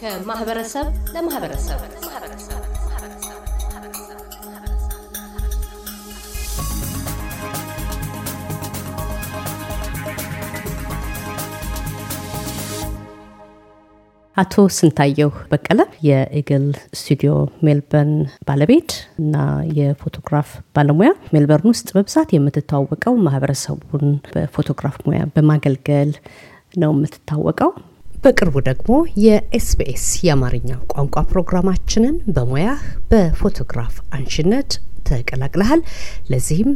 ከማህበረሰብ ለማህበረሰብ አቶ ስንታየሁ በቀለ የኢግል ስቱዲዮ ሜልበርን ባለቤት እና የፎቶግራፍ ባለሙያ፣ ሜልበርን ውስጥ በብዛት የምትታወቀው ማህበረሰቡን በፎቶግራፍ ሙያ በማገልገል ነው የምትታወቀው። በቅርቡ ደግሞ የኤስቢኤስ የአማርኛ ቋንቋ ፕሮግራማችንን በሙያህ በፎቶግራፍ አንሽነት ተቀላቅለሃል። ለዚህም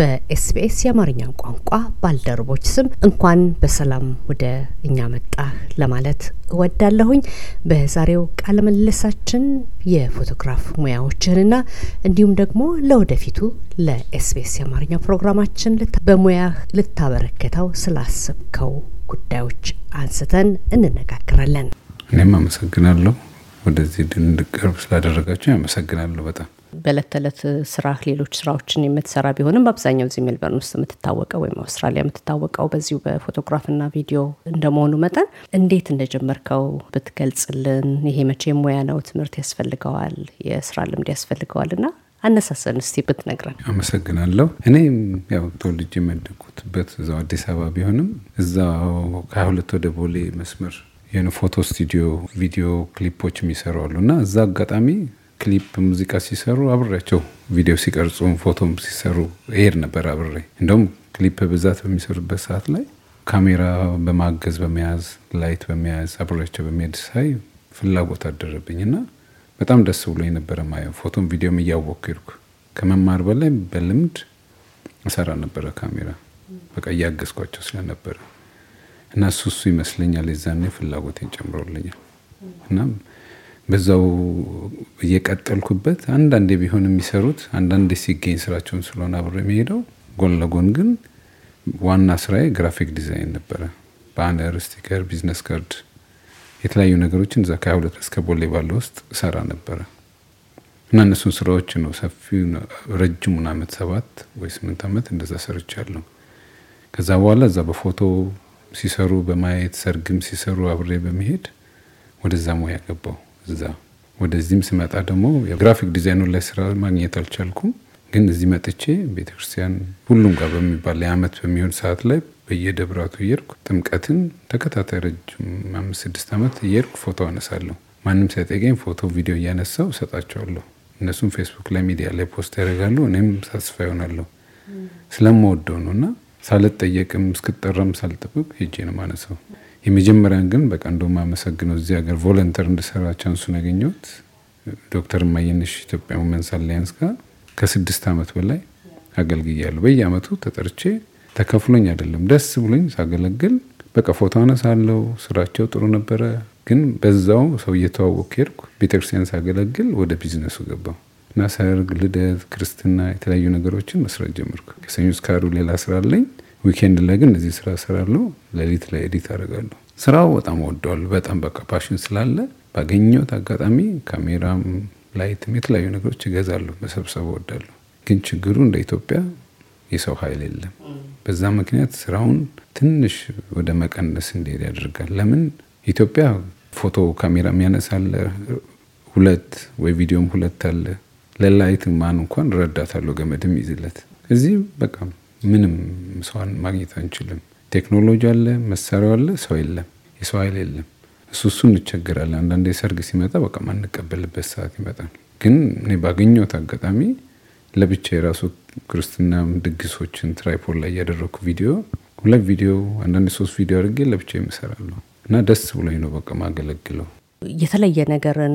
በኤስቢኤስ የአማርኛ ቋንቋ ባልደረቦች ስም እንኳን በሰላም ወደ እኛ መጣህ ለማለት እወዳለሁኝ። በዛሬው ቃለ ምልልሳችን የፎቶግራፍ ሙያዎችንና እንዲሁም ደግሞ ለወደፊቱ ለኤስቢኤስ የአማርኛ ፕሮግራማችን በሙያ ልታበረከተው ስላሰብከው ጉዳዮች አንስተን እንነጋገራለን። እኔም አመሰግናለሁ። ወደዚህ እንድቀርብ ስላደረጋቸው አመሰግናለሁ በጣም በዕለት ተዕለት ስራ ሌሎች ስራዎችን የምትሰራ ቢሆንም በአብዛኛው እዚህ ሜልበርን ውስጥ የምትታወቀው ወይም አውስትራሊያ የምትታወቀው በዚሁ በፎቶግራፍና ቪዲዮ እንደመሆኑ መጠን እንዴት እንደጀመርከው ብትገልጽልን። ይሄ መቼ ሙያ ነው፣ ትምህርት ያስፈልገዋል፣ የስራ ልምድ ያስፈልገዋል እና አነሳሰን እስቲ ብትነግረን። አመሰግናለሁ። እኔም ያው ተወልጄ የመደኩትበት እዛው አዲስ አበባ ቢሆንም እዛው ከሁለት ወደ ቦሌ መስመር የሆነ ፎቶ ስቱዲዮ ቪዲዮ ክሊፖች የሚሰሩ አሉ እና እዛ አጋጣሚ ክሊፕ ሙዚቃ ሲሰሩ አብሬያቸው ቪዲዮ ሲቀርጹ ፎቶም ሲሰሩ ሄድ ነበር አብሬ። እንደውም ክሊፕ ብዛት በሚሰሩበት ሰዓት ላይ ካሜራ በማገዝ በመያዝ ላይት በመያዝ አብሬያቸው በመሄድ ሳይ ፍላጎት አደረብኝ እና በጣም ደስ ብሎ የነበረ ማየው ፎቶም ቪዲዮም እያወኩ ሄድኩ። ከመማር በላይ በልምድ እሰራ ነበረ ካሜራ በቃ እያገዝኳቸው ስለነበረ እና እሱ እሱ ይመስለኛል የዛኔ ፍላጎቴን ጨምሮልኛል እናም በዛው እየቀጠልኩበት አንዳንዴ ቢሆን የሚሰሩት አንዳንዴ ሲገኝ ስራቸውን ስለሆነ አብሮ የሚሄደው ጎን ለጎን ግን ዋና ስራዬ ግራፊክ ዲዛይን ነበረ። ባነር፣ ስቲከር፣ ቢዝነስ ካርድ የተለያዩ ነገሮችን እዛ ሁለት እስከ ቦሌ ባለ ውስጥ ሰራ ነበረ እና እነሱን ስራዎች ነው ሰፊ ረጅሙን አመት ሰባት ወይ ስምንት ዓመት እንደዛ ሰርቻለሁ። ከዛ በኋላ እዛ በፎቶ ሲሰሩ በማየት ሰርግም ሲሰሩ አብሬ በመሄድ ወደዛ ሙያ ገባው። እዛ ወደዚህም ስመጣ ደግሞ የግራፊክ ዲዛይኑ ላይ ስራ ማግኘት አልቻልኩም። ግን እዚህ መጥቼ ቤተክርስቲያን ሁሉም ጋር በሚባል የአመት በሚሆን ሰዓት ላይ በየደብራቱ እየርኩ ጥምቀትን ተከታታይ ረጅም አምስት ስድስት ዓመት እየርኩ ፎቶ አነሳለሁ። ማንም ሳይጠቀኝ ፎቶ ቪዲዮ እያነሳው እሰጣቸዋለሁ። እነሱም ፌስቡክ ላይ ሚዲያ ላይ ፖስት ያደርጋሉ። እኔም ሳስፋ ይሆናለሁ ስለምወደው ነው እና ሳልጠየቅም እስክጠራም ሳልጠብቅ ሄጄ ነው ማነሳው። የመጀመሪያን ግን በቃ እንደ አመሰግነው እዚህ ሀገር ቮለንተር እንድሰራ ቻንሱን ያገኘሁት ዶክተር ማየነሽ ኢትዮጵያ ውመንስ አላያንስ ጋር ከስድስት ዓመት በላይ አገልግያለሁ። በየአመቱ ተጠርቼ ተከፍሎኝ አይደለም ደስ ብሎኝ ሳገለግል በቃ ፎቶ አነሳለሁ። ስራቸው ጥሩ ነበረ። ግን በዛው ሰው እየተዋወቅ ሄድኩ። ቤተክርስቲያን ሳገለግል ወደ ቢዝነሱ ገባው እና ሰርግ፣ ልደት፣ ክርስትና የተለያዩ ነገሮችን መስራት ጀመርኩ። ከሰኞ እስከ ዓርብ ሌላ ስራ አለኝ። ዊኬንድ ላይ ግን እዚህ ስራ ስራለሁ፣ ሌሊት ላይ ኤዲት አደርጋለሁ። ስራው በጣም ወደዋል። በጣም በቃ ፓሽን ስላለ ባገኘሁት አጋጣሚ ካሜራም፣ ላይትም የተለያዩ ነገሮች እገዛለሁ፣ መሰብሰብ እወዳለሁ። ግን ችግሩ እንደ ኢትዮጵያ የሰው ኃይል የለም። በዛ ምክንያት ስራውን ትንሽ ወደ መቀነስ እንዲሄድ ያደርጋል። ለምን ኢትዮጵያ ፎቶ ካሜራ የሚያነሳ ሁለት ወይ ቪዲዮም ሁለት አለ። ለላይት ማን እንኳን ረዳት አለው ገመድም ይዝለት። እዚህ በቃም ምንም ሰውን ማግኘት አንችልም። ቴክኖሎጂ አለ፣ መሳሪያው አለ፣ ሰው የለም፣ የሰው ኃይል የለም። እሱ እሱ እንቸገራለን። አንዳንዴ ሰርግ ሲመጣ በቃ ማንቀበልበት ሰዓት ይመጣል። ግን እኔ ባገኘሁት አጋጣሚ ለብቻ የራሱ ክርስትና ድግሶችን ትራይፖድ ላይ እያደረግኩ ቪዲዮ ሁለት ቪዲዮ አንዳንድ ሶስት ቪዲዮ አድርጌ ለብቻ ይመሰራሉ እና ደስ ብሎኝ ነው በቃ ማገለግለው። የተለየ ነገርን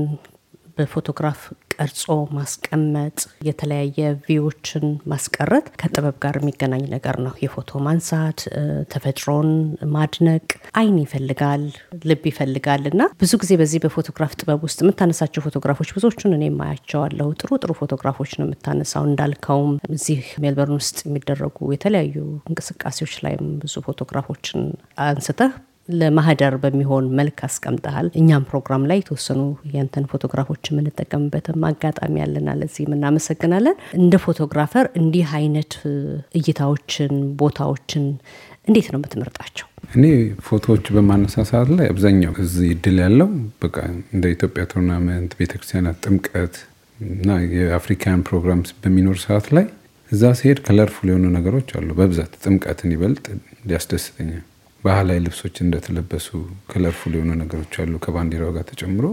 በፎቶግራፍ ቀርጾ ማስቀመጥ የተለያየ ቪዎችን ማስቀረት ከጥበብ ጋር የሚገናኝ ነገር ነው። የፎቶ ማንሳት ተፈጥሮን ማድነቅ አይን ይፈልጋል ልብ ይፈልጋል እና ብዙ ጊዜ በዚህ በፎቶግራፍ ጥበብ ውስጥ የምታነሳቸው ፎቶግራፎች ብዙዎቹን እኔ ማያቸዋለሁ። ጥሩ ጥሩ ፎቶግራፎች ነው የምታነሳው። እንዳልከውም እዚህ ሜልበርን ውስጥ የሚደረጉ የተለያዩ እንቅስቃሴዎች ላይም ብዙ ፎቶግራፎችን አንስተህ ለማህደር በሚሆን መልክ አስቀምጠሃል። እኛም ፕሮግራም ላይ የተወሰኑ ያንተን ፎቶግራፎች የምንጠቀምበትም አጋጣሚ ያለና ለዚህ እናመሰግናለን። እንደ ፎቶግራፈር እንዲህ አይነት እይታዎችን፣ ቦታዎችን እንዴት ነው የምትመርጣቸው? እኔ ፎቶዎች በማነሳ ሰዓት ላይ አብዛኛው እዚህ እድል ያለው በቃ እንደ ኢትዮጵያ ቶርናመንት፣ ቤተክርስቲያናት፣ ጥምቀት እና የአፍሪካን ፕሮግራም በሚኖር ሰዓት ላይ እዛ ሲሄድ ከለርፉል የሆኑ ነገሮች አሉ። በብዛት ጥምቀትን ይበልጥ ሊያስደስተኛል ባህላዊ ልብሶች እንደተለበሱ ከለርፉል የሆኑ ነገሮች አሉ። ከባንዲራው ጋር ተጨምሮ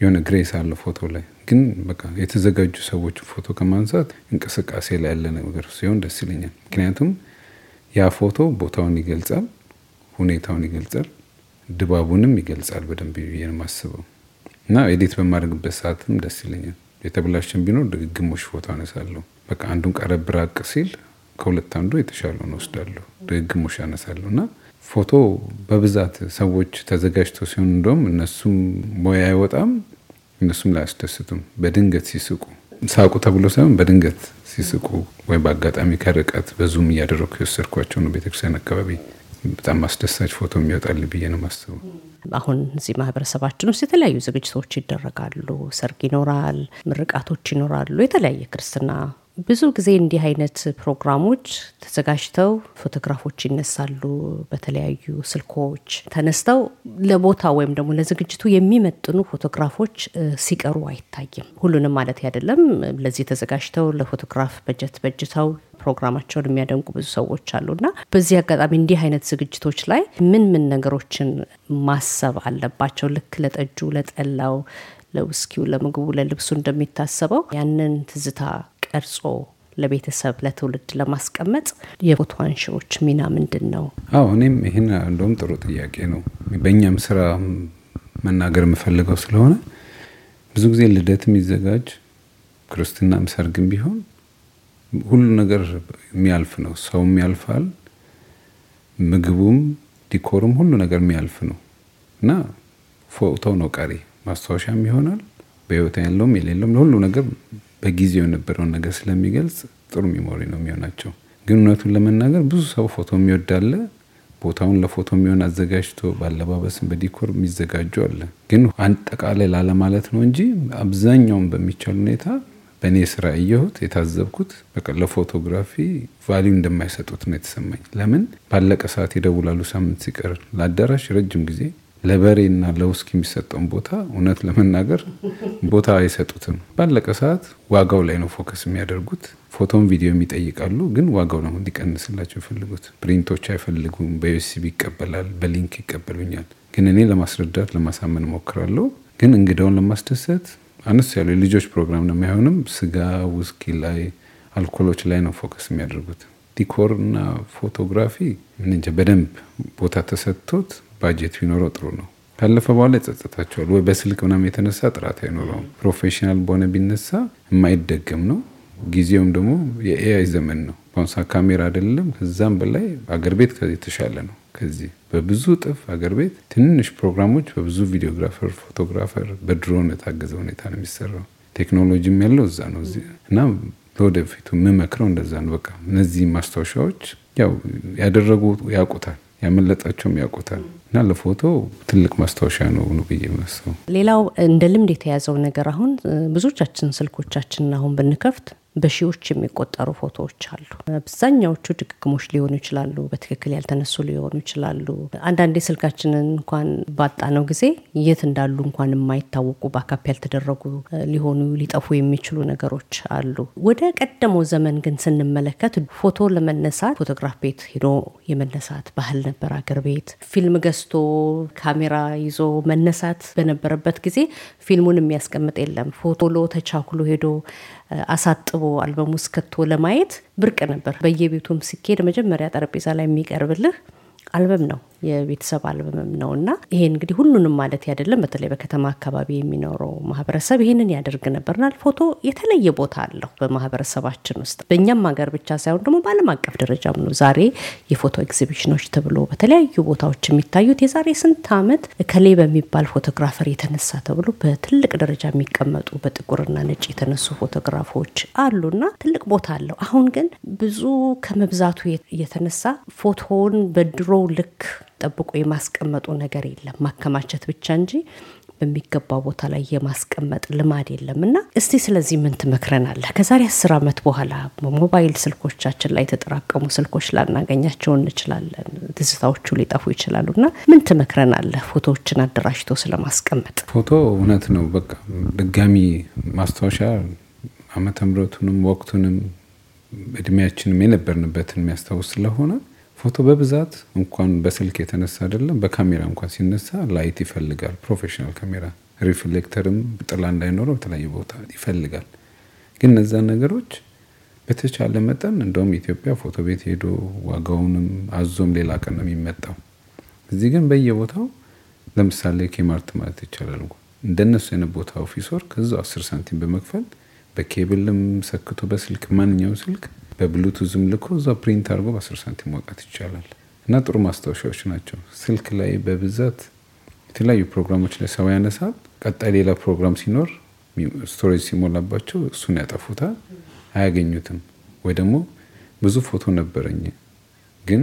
የሆነ ግሬስ አለ ፎቶ ላይ ግን በቃ የተዘጋጁ ሰዎች ፎቶ ከማንሳት እንቅስቃሴ ላይ ያለ ነገር ሲሆን ደስ ይለኛል። ምክንያቱም ያ ፎቶ ቦታውን ይገልጻል፣ ሁኔታውን ይገልጻል፣ ድባቡንም ይገልጻል በደንብ ብዬ ማስበው የማስበው እና ኤዲት በማድረግበት ሰዓትም ደስ ይለኛል። የተብላሽን ቢኖር ድግግሞሽ ፎቶ አነሳለሁ። በቃ አንዱን ቀረብ ራቅ ሲል ከሁለት አንዱ የተሻለውን ወስዳለሁ፣ ድግግሞች አነሳለሁ እና ፎቶ በብዛት ሰዎች ተዘጋጅተው ሲሆኑ እንደውም እነሱም ሞያ አይወጣም፣ እነሱም ላያስደስትም በድንገት ሲስቁ ሳቁ ተብሎ ሳይሆን በድንገት ሲስቁ ወይም በአጋጣሚ ከርቀት በዙም እያደረግኩ የወሰድኳቸው ነው። ቤተክርስቲያን አካባቢ በጣም አስደሳች ፎቶ የሚወጣል ብዬ ነው ማስበው። አሁን እዚህ ማህበረሰባችን ውስጥ የተለያዩ ዝግጅቶች ይደረጋሉ። ሰርግ ይኖራል፣ ምርቃቶች ይኖራሉ፣ የተለያየ ክርስትና ብዙ ጊዜ እንዲህ አይነት ፕሮግራሞች ተዘጋጅተው ፎቶግራፎች ይነሳሉ። በተለያዩ ስልኮች ተነስተው ለቦታ ወይም ደግሞ ለዝግጅቱ የሚመጥኑ ፎቶግራፎች ሲቀሩ አይታይም። ሁሉንም ማለት አይደለም። ለዚህ ተዘጋጅተው ለፎቶግራፍ በጀት በጅተው ፕሮግራማቸውን የሚያደንቁ ብዙ ሰዎች እና በዚህ አጋጣሚ እንዲህ አይነት ዝግጅቶች ላይ ምን ምን ነገሮችን ማሰብ አለባቸው? ልክ ለጠጁ፣ ለጠላው፣ ለውስኪው፣ ለምግቡ፣ ለልብሱ እንደሚታሰበው ያንን ትዝታ ቀርጾ ለቤተሰብ ለትውልድ ለማስቀመጥ የፎቶ አንሺዎች ሚና ምንድን ነው? አዎ እኔም ይህን እንደውም ጥሩ ጥያቄ ነው። በእኛም ስራ መናገር የምፈልገው ስለሆነ ብዙ ጊዜ ልደት የሚዘጋጅ ክርስትናም ሰርግም ቢሆን ሁሉ ነገር የሚያልፍ ነው። ሰውም ያልፋል፣ ምግቡም፣ ዲኮርም ሁሉ ነገር የሚያልፍ ነው እና ፎቶ ነው ቀሪ ማስታወሻም ይሆናል። በህይወት ያለውም የሌለውም ለሁሉ ነገር በጊዜው የነበረውን ነገር ስለሚገልጽ ጥሩ ሚሞሪ ነው የሚሆናቸው። ግን እውነቱን ለመናገር ብዙ ሰው ፎቶ የሚወዳለ ቦታውን ለፎቶ የሚሆን አዘጋጅቶ በአለባበስም በዲኮር የሚዘጋጁ አለ። ግን አጠቃላይ ላለማለት ነው እንጂ አብዛኛውን በሚቻል ሁኔታ በእኔ ስራ እየሁት የታዘብኩት በቃ ለፎቶግራፊ ቫሊዩ እንደማይሰጡት ነው የተሰማኝ። ለምን ባለቀ ሰዓት ይደውላሉ። ሳምንት ሲቀር ለአዳራሽ ረጅም ጊዜ ለበሬና ለውስኪ የሚሰጠውን ቦታ እውነት ለመናገር ቦታ አይሰጡትም። ባለቀ ሰዓት ዋጋው ላይ ነው ፎከስ የሚያደርጉት። ፎቶም ቪዲዮም ይጠይቃሉ፣ ግን ዋጋው ነው እንዲቀንስላቸው ይፈልጉት። ፕሪንቶች አይፈልጉም። በዩሲቢ ይቀበላል፣ በሊንክ ይቀበሉኛል። ግን እኔ ለማስረዳት ለማሳመን ሞክራለሁ። ግን እንግዳውን ለማስደሰት አነስ ያሉ የልጆች ፕሮግራም ነው የሚሆንም። ስጋ ውስኪ ላይ አልኮሎች ላይ ነው ፎከስ የሚያደርጉት። ዲኮር እና ፎቶግራፊ ምን እንጃ በደንብ ቦታ ተሰጥቶት ባጀት ቢኖረው ጥሩ ነው። ካለፈ በኋላ ይጸጸታቸዋል ወይ በስልክ ምናምን የተነሳ ጥራት አይኖረውም። ፕሮፌሽናል በሆነ ቢነሳ የማይደገም ነው። ጊዜውም ደግሞ የኤአይ ዘመን ነው። በአሁኑ ሰዓት ካሜራ አይደለም ከዛም በላይ አገር ቤት የተሻለ ነው። ከዚህ በብዙ እጥፍ አገር ቤት ትንሽ ፕሮግራሞች በብዙ ቪዲዮግራፈር፣ ፎቶግራፈር በድሮን የታገዘ ሁኔታ ነው የሚሰራው። ቴክኖሎጂም ያለው እዛ ነው እና ለወደፊቱ የምመክረው እንደዛ ነው። በቃ እነዚህ ማስታወሻዎች ያው ያደረጉ ያውቁታል ያመለጣቸውም ያውቁታል እና ለፎቶ ትልቅ ማስታወሻ ነው ነው ብዬ ሌላው እንደ ልምድ የተያዘው ነገር አሁን ብዙዎቻችን ስልኮቻችንን አሁን ብንከፍት በሺዎች የሚቆጠሩ ፎቶዎች አሉ። አብዛኛዎቹ ድግግሞች ሊሆኑ ይችላሉ፣ በትክክል ያልተነሱ ሊሆኑ ይችላሉ። አንዳንዴ ስልካችንን እንኳን ባጣነው ጊዜ የት እንዳሉ እንኳን የማይታወቁ በአካፕ ያልተደረጉ ሊሆኑ ሊጠፉ የሚችሉ ነገሮች አሉ። ወደ ቀደመው ዘመን ግን ስንመለከት ፎቶ ለመነሳት ፎቶግራፍ ቤት ሄዶ የመነሳት ባህል ነበር። አገር ቤት ፊልም ገዝቶ ካሜራ ይዞ መነሳት በነበረበት ጊዜ ፊልሙን የሚያስቀምጥ የለም። ፎቶሎ ተቻኩሎ ሄዶ አሳጥቦ አልበሙ ውስጥ ከቶ ለማየት ብርቅ ነበር። በየቤቱም ስኬድ መጀመሪያ ጠረጴዛ ላይ የሚቀርብልህ አልበም ነው። የቤተሰብ አልበምም ነው እና ይሄ እንግዲህ ሁሉንም ማለት አይደለም። በተለይ በከተማ አካባቢ የሚኖረው ማህበረሰብ ይህንን ያደርግ ነበርናል። ፎቶ የተለየ ቦታ አለው በማህበረሰባችን ውስጥ በእኛም ሀገር ብቻ ሳይሆን ደግሞ በዓለም አቀፍ ደረጃም ነው። ዛሬ የፎቶ ኤግዚቢሽኖች ተብሎ በተለያዩ ቦታዎች የሚታዩት የዛሬ ስንት ዓመት እከሌ በሚባል ፎቶግራፈር የተነሳ ተብሎ በትልቅ ደረጃ የሚቀመጡ በጥቁርና ነጭ የተነሱ ፎቶግራፎች አሉና ትልቅ ቦታ አለው። አሁን ግን ብዙ ከመብዛቱ የተነሳ ፎቶውን በድሮው ልክ ጠብቆ የማስቀመጡ ነገር የለም። ማከማቸት ብቻ እንጂ በሚገባው ቦታ ላይ የማስቀመጥ ልማድ የለም እና እስቲ ስለዚህ ምን ትመክረናለህ? ከዛሬ አስር ዓመት በኋላ በሞባይል ስልኮቻችን ላይ የተጠራቀሙ ስልኮች ላናገኛቸው እንችላለን። ትዝታዎቹ ሊጠፉ ይችላሉ እና ምን ትመክረናለህ? ፎቶዎችን አደራጅቶ ስለማስቀመጥ። ፎቶ እውነት ነው በቃ ድጋሚ ማስታወሻ አመተ ምረቱንም ወቅቱንም እድሜያችንም የነበርንበትን የሚያስታውስ ስለሆነ ፎቶ በብዛት እንኳን በስልክ የተነሳ አይደለም በካሜራ እንኳን ሲነሳ ላይት ይፈልጋል። ፕሮፌሽናል ካሜራ ሪፍሌክተርም ጥላ እንዳይኖረው በተለያዩ ቦታ ይፈልጋል። ግን እነዛን ነገሮች በተቻለ መጠን እንደውም ኢትዮጵያ ፎቶ ቤት ሄዶ ዋጋውንም አዞም ሌላ ቀን ነው የሚመጣው። እዚህ ግን በየቦታው ለምሳሌ ኬማርት ማለት ይቻላል እንደነሱ አይነት ቦታ ኦፊስ ወርክ እዛው አስር ሳንቲም በመክፈል በኬብልም ሰክቶ በስልክ ማንኛውም ስልክ በብሉቱዝም ልኮ እዛ ፕሪንት አድርጎ በ10 ሳንቲም ማውጣት ይቻላል እና ጥሩ ማስታወሻዎች ናቸው። ስልክ ላይ በብዛት የተለያዩ ፕሮግራሞች ላይ ሰው ያነሳል። ቀጣይ ሌላ ፕሮግራም ሲኖር ስቶሬጅ ሲሞላባቸው እሱን ያጠፉታል፣ አያገኙትም። ወይ ደግሞ ብዙ ፎቶ ነበረኝ ግን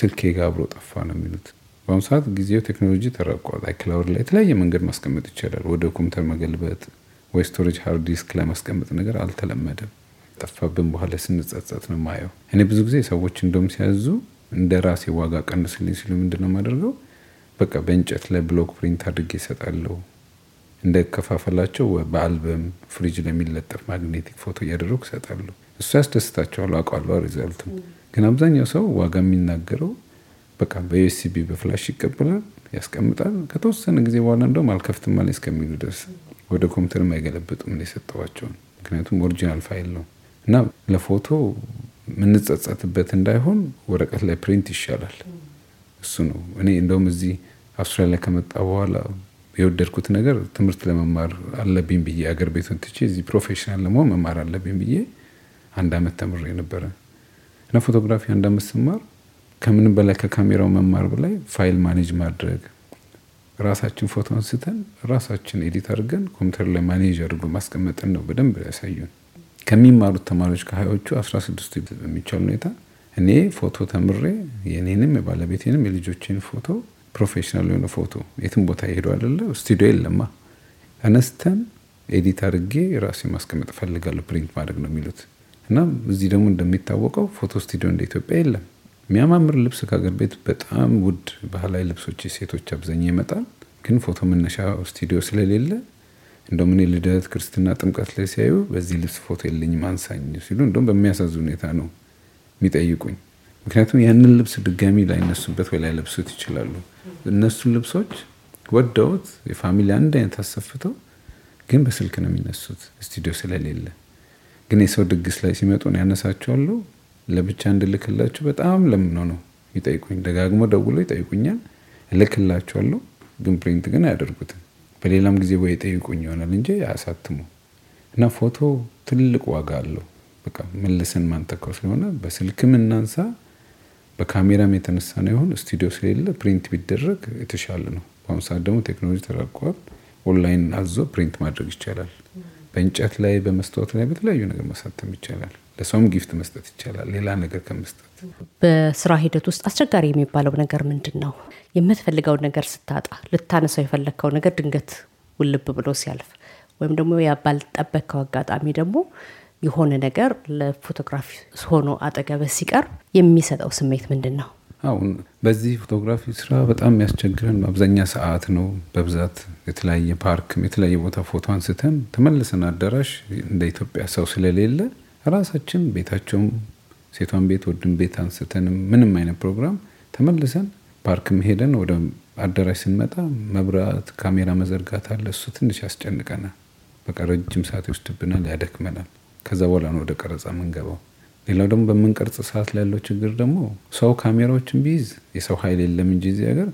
ስልኬ ጋር አብሮ ጠፋ ነው የሚሉት። በአሁኑ ሰዓት ጊዜው ቴክኖሎጂ ተራቋል። አይክላውድ ላይ የተለያየ መንገድ ማስቀመጥ ይቻላል። ወደ ኮምፒውተር መገልበጥ ወይ ስቶሬጅ ሃርድ ዲስክ ላይ ማስቀመጥ ነገር አልተለመደም። ከጠፋብን በኋላ ስንጸጸት ነው ማየው። እኔ ብዙ ጊዜ ሰዎች እንደውም ሲያዙ እንደ ራሴ ዋጋ ቀንስልኝ ሲሉ ምንድን ነው የማደርገው? በቃ በእንጨት ላይ ብሎክ ፕሪንት አድርጌ እንደ እንደከፋፈላቸው በአልበም ፍሪጅ ለሚለጠፍ ማግኔቲክ ፎቶ እያደረጉ ይሰጣሉ። እሱ ያስደስታቸዋል፣ አውቃለሁ ሪዛልቱም። ግን አብዛኛው ሰው ዋጋ የሚናገረው በቃ በዩኤስቢ በፍላሽ ይቀበላል፣ ያስቀምጣል። ከተወሰነ ጊዜ በኋላ እንደውም አልከፍትም ማለት እስከሚሉ ድረስ ወደ ኮምፒውተርም አይገለብጡም የሰጠዋቸውን። ምክንያቱም ኦሪጂናል ፋይል ነው። እና ለፎቶ የምንጸጸትበት እንዳይሆን ወረቀት ላይ ፕሪንት ይሻላል። እሱ ነው እኔ እንደውም እዚህ አውስትራሊያ ከመጣ በኋላ የወደድኩት ነገር ትምህርት ለመማር አለብኝ ብዬ አገር ቤቱን ትቼ እዚህ ፕሮፌሽናል ለመሆን መማር አለብኝ ብዬ አንድ አመት ተምሬ ነበረ እና ፎቶግራፊ አንድ አመት ስማር ከምንም በላይ ከካሜራው መማር በላይ ፋይል ማኔጅ ማድረግ ራሳችን ፎቶ አንስተን ራሳችን ኤዲት አድርገን ኮምፒውተር ላይ ማኔጅ አድርጎ ማስቀመጥን ነው በደንብ ያሳዩን። ከሚማሩት ተማሪዎች ከሀያዎቹ 16 በሚቻል ሁኔታ እኔ ፎቶ ተምሬ የኔንም የባለቤቴንም የልጆችን ፎቶ ፕሮፌሽናል የሆነ ፎቶ የትም ቦታ ይሄዱ አይደለ ስቱዲዮ የለማ አነስተን ኤዲት አድርጌ ራሴ ማስቀመጥ ፈልጋለሁ ፕሪንት ማድረግ ነው የሚሉት እና እዚህ ደግሞ እንደሚታወቀው ፎቶ ስቱዲዮ እንደ ኢትዮጵያ የለም። የሚያማምር ልብስ ከሀገር ቤት በጣም ውድ ባህላዊ ልብሶች ሴቶች አብዛኛው ይመጣል። ግን ፎቶ መነሻ ስቱዲዮ ስለሌለ እንደውም እኔ ልደት፣ ክርስትና፣ ጥምቀት ላይ ሲያዩ በዚህ ልብስ ፎቶ የለኝም አንሳኝ ሲሉ እንደውም በሚያሳዝን ሁኔታ ነው የሚጠይቁኝ። ምክንያቱም ያንን ልብስ ድጋሚ ላይነሱበት ወይ ላይለብሱት ይችላሉ። እነሱን ልብሶች ወደውት የፋሚሊ አንድ አይነት አሰፍተው ግን በስልክ ነው የሚነሱት ስቱዲዮ ስለሌለ። ግን የሰው ድግስ ላይ ሲመጡ ነው ያነሳቸዋሉ። ለብቻ እንድልክላቸው በጣም ለምነው ነው ይጠይቁኝ። ደጋግሞ ደውሎ ይጠይቁኛል። እልክላቸዋለሁ፣ ግን ፕሪንት ግን አያደርጉትም። በሌላም ጊዜ ወይ ጠይቁኝ ይሆናል እንጂ አሳትሙ እና ፎቶ ትልቅ ዋጋ አለው። በቃ መልሰን ማንተካው ስለሆነ በስልክም እናንሳ በካሜራም የተነሳ ነው ይሁን ስቱዲዮ ስለሌለ ፕሪንት ቢደረግ የተሻለ ነው። በአሁኑ ሰዓት ደግሞ ቴክኖሎጂ ተራቋል። ኦንላይን አዞ ፕሪንት ማድረግ ይቻላል። በእንጨት ላይ በመስታወት ላይ በተለያዩ ነገር መሳተም ይቻላል። ለሰውም ጊፍት መስጠት ይቻላል። ሌላ ነገር ከመስጠት በስራ ሂደት ውስጥ አስቸጋሪ የሚባለው ነገር ምንድን ነው? የምትፈልገውን ነገር ስታጣ፣ ልታነሳው የፈለግከው ነገር ድንገት ውልብ ብሎ ሲያልፍ ወይም ደግሞ ባልጠበቅከው አጋጣሚ ደግሞ የሆነ ነገር ለፎቶግራፊ ሆኖ አጠገበ ሲቀርብ የሚሰጠው ስሜት ምንድን ነው? አሁን በዚህ ፎቶግራፊ ስራ በጣም የሚያስቸግረን አብዛኛ ሰዓት ነው። በብዛት የተለያየ ፓርክም የተለያየ ቦታ ፎቶ አንስተን ተመልሰን አዳራሽ እንደ ኢትዮጵያ ሰው ስለሌለ ራሳችን ቤታቸውም ሴቷን ቤት ወድም ቤት አንስተን ምንም አይነት ፕሮግራም ተመልሰን ፓርክም ሄደን ወደ አዳራሽ ስንመጣ መብራት፣ ካሜራ መዘርጋት አለ። እሱ ትንሽ ያስጨንቀናል። በቃ ረጅም ሰዓት ይወስድብናል፣ ያደክመናል። ከዛ በኋላ ነው ወደ ቀረጻ ምንገባው። ሌላው ደግሞ በምንቀርጽ ሰዓት ያለው ችግር ደግሞ ሰው ካሜራዎችን ቢይዝ የሰው ኃይል የለም እንጂ እዚህ ሀገር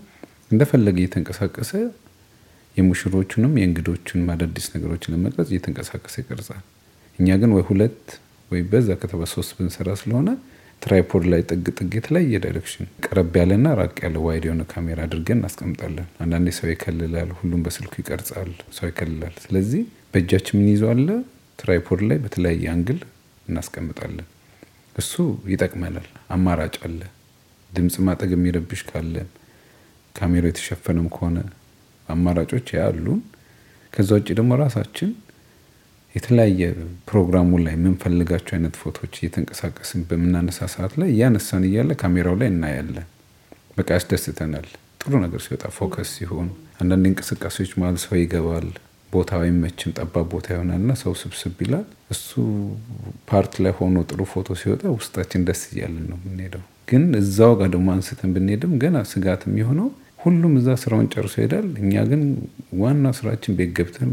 እንደፈለገ እየተንቀሳቀሰ የሙሽሮቹንም የእንግዶቹንም አዳዲስ ነገሮችን ለመቅረጽ እየተንቀሳቀሰ ይቀርጻል። እኛ ግን ወይ ሁለት ወይ በዛ ከተባ ሶስት ብንሰራ ስለሆነ ትራይፖድ ላይ ጥግ ጥግ የተለያየ ዳይሬክሽን ቀረብ ያለና ራቅ ያለ ዋይድ የሆነ ካሜራ አድርገን እናስቀምጣለን። አንዳንዴ ሰው ይከልላል፣ ሁሉም በስልኩ ይቀርጻል፣ ሰው ይከልላል። ስለዚህ በእጃችን ምን ይዘዋለ አለ ትራይፖድ ላይ በተለያየ አንግል እናስቀምጣለን። እሱ ይጠቅመናል። አማራጭ አለ። ድምፅ ማጠግ የሚረብሽ ካለን ካሜራው የተሸፈነም ከሆነ አማራጮች ያሉን። ከዛ ውጭ ደግሞ ራሳችን የተለያየ ፕሮግራሙ ላይ የምንፈልጋቸው አይነት ፎቶዎች እየተንቀሳቀስን በምናነሳ ሰዓት ላይ እያነሳን እያለ ካሜራው ላይ እናያለን። በቃ ያስደስተናል። ጥሩ ነገር ሲወጣ ፎከስ ሲሆን፣ አንዳንድ እንቅስቃሴዎች መሃል ሰው ይገባል። ቦታው አይመችም፣ ጠባብ ቦታ ይሆናልና ሰው ስብስብ ይላል። እሱ ፓርት ላይ ሆኖ ጥሩ ፎቶ ሲወጣ ውስጣችን ደስ እያለን ነው የምንሄደው። ግን እዛው ጋር ደግሞ አንስተን ብንሄድም ገና ስጋት የሚሆነው ሁሉም እዛ ስራውን ጨርሶ ይሄዳል። እኛ ግን ዋና ስራችን ቤት ገብተን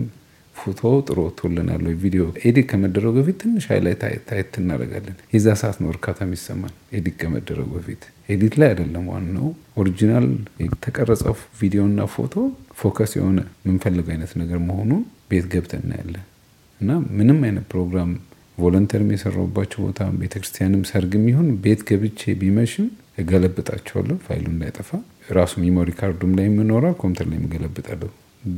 ፎቶ ጥሩ ወጥቶልናል ወይ ቪዲዮ ኤዲት ከመደረጉ በፊት ትንሽ ሃይላይት ታየት እናደርጋለን። የዛ ሰዓት ነው እርካታ የሚሰማን ኤዲት ከመደረጉ በፊት ኤዲት ላይ አይደለም ዋናው ኦሪጂናል የተቀረጸው ቪዲዮና ፎቶ ፎከስ የሆነ የምንፈልገው አይነት ነገር መሆኑን ቤት ገብተን እናያለን እና ምንም አይነት ፕሮግራም ቮለንተርም የሰራሁባቸው ቦታ ቤተክርስቲያንም ሰርግም ይሁን ቤት ገብቼ ቢመሽም እገለብጣቸዋለሁ ፋይሉ እንዳይጠፋ ራሱ ሚሞሪ ካርዱም ላይ የምኖራ ኮምፒተር ላይ የምገለብጣለሁ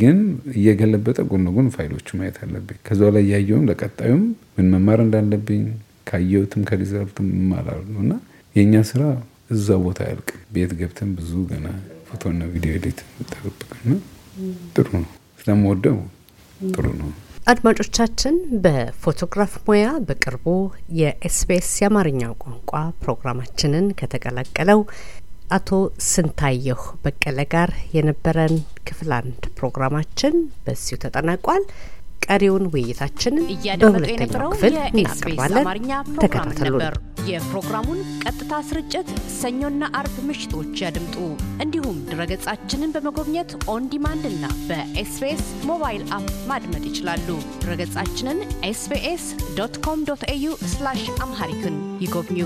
ግን እየገለበጠ ጎን ለጎን ፋይሎቹ ማየት አለብኝ ከዛ ላይ ያየውም ለቀጣዩም ምን መማር እንዳለብኝ ካየሁትም ከሪዛልቱም እማራለሁ እና የእኛ ስራ እዛው ቦታ ያልቅ ቤት ገብተን ብዙ ገና ፎቶና ቪዲዮ ኤዲት የምታጠብቅና ጥሩ ነው። ስለምወደው ጥሩ ነው። አድማጮቻችን በፎቶግራፍ ሙያ በቅርቡ የኤስቢኤስ የአማርኛ ቋንቋ ፕሮግራማችንን ከተቀላቀለው አቶ ስንታየሁ በቀለ ጋር የነበረን ክፍል አንድ ፕሮግራማችን በዚሁ ተጠናቋል። ቀሪውን ውይይታችንን በሁለተኛው ክፍል እናቀርባለን። ተከታተሉን። የፕሮግራሙን ቀጥታ ስርጭት ሰኞና አርብ ምሽቶች ያድምጡ። እንዲሁም ድረገጻችንን በመጎብኘት ኦን ዲማንድ እና በኤስቤስ ሞባይል አፕ ማድመጥ ይችላሉ። ድረገጻችንን ኤስቤስ ዶት ኮም ዶት ኤዩ አምሃሪክን ይጎብኙ።